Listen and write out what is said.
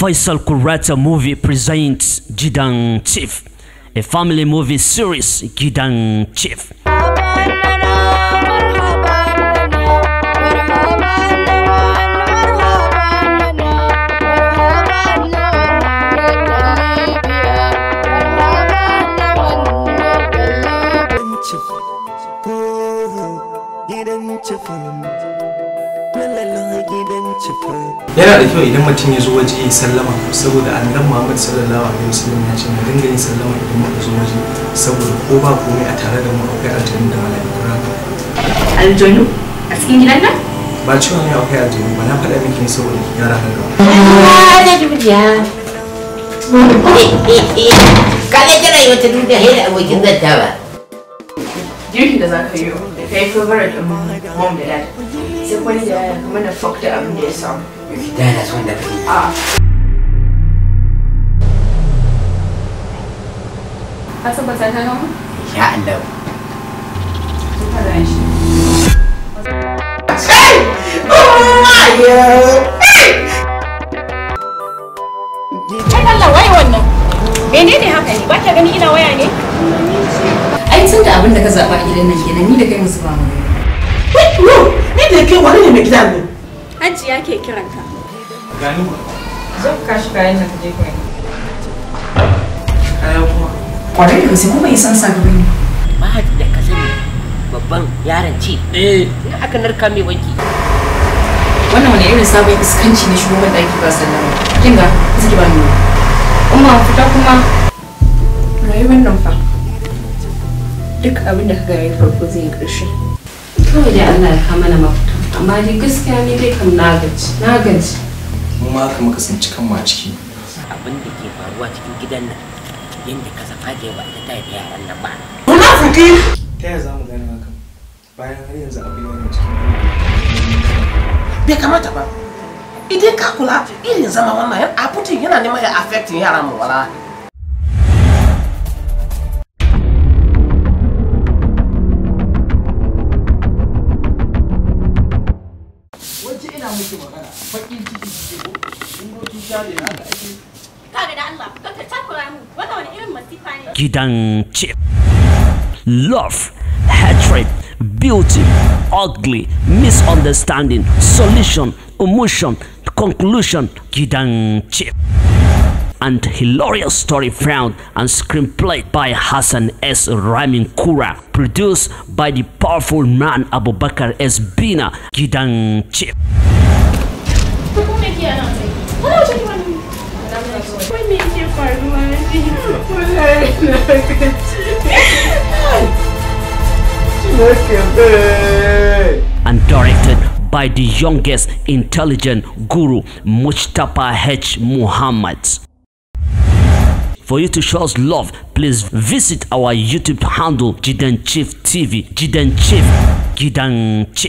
Faisal Kurata Movie presents Gidang Chief, a family movie series Gidang Chief. Gidan Chief. yana da kyau idan mutum ya zo waje ya sallama saboda annabi Muhammad sallallahu alaihi wasallam ya ce mu dinga yin sallama idan muka zo waje saboda ko ba komai a tare da mu akwai aljanu da mala'iku raka aljanu a cikin gidan nan ba cewa ne akwai aljanu ba na faɗa miki ne saboda ki gyara hanka kaga jira yi wata duniya yi da abokin zanta ba girki da za ka yi da kai favorite mom da dad sai wani da fuck da abin da ya samu. Yuki da yana son da kake. A. Ka tabbata ta gama? Ya Allah. Hey! Oh my God! Allah wai wannan. Menene haka ne? Ba gani ina waya ne? Ai tun da abin da ka zaba gidan nan kenan ni da kai musu ba mu. ne kai wani ne mai gidan ne hajji ya ke kiran ka gani ba zan kashi kayan nan je kai kayan kuma kwarai da gaske kuma ya san sabi ne mahajji da ka sani babban yaron ce eh aka narka mai wanki wannan wani irin sabon iskanci ne shugaban ɗaki ba sallama kin ga zaki ba ni umma fita kuma rayuwar nan fa duk abin da ka gaya ya farko zai yi ƙarshe kawai dai Allah ya kama na mafita amma dai gaskiya ni dai kam na gaji na gaji mu ma haka muka tsinci kanmu a ciki abin da ke faruwa cikin gidan nan yadda ka saka ke ba ta tafi yaran nan ba munafiki ta yaya za mu gane haka bayan har yanzu abin yana cikin bai kamata ba idan ka kula irin zama wannan yan abutin yana neman ya affecting yaran mu wala bakin ciki ciki ko in ko na ka ake kaga da Allah kanka takura mu wannan wani irin masifa ne gidan chip love hatred beauty ugly misunderstanding solution emotion conclusion gidan chip and hilarious story found and screenplay by Hassan S. Ramin Kura, produced by the powerful man Abubakar S. Bina Gidang Chip. And directed by the youngest intelligent guru Mustafa H. Muhammad. For you to show us love, please visit our YouTube handle Jidan Chief TV. Jidan Chief. Jidan Chief.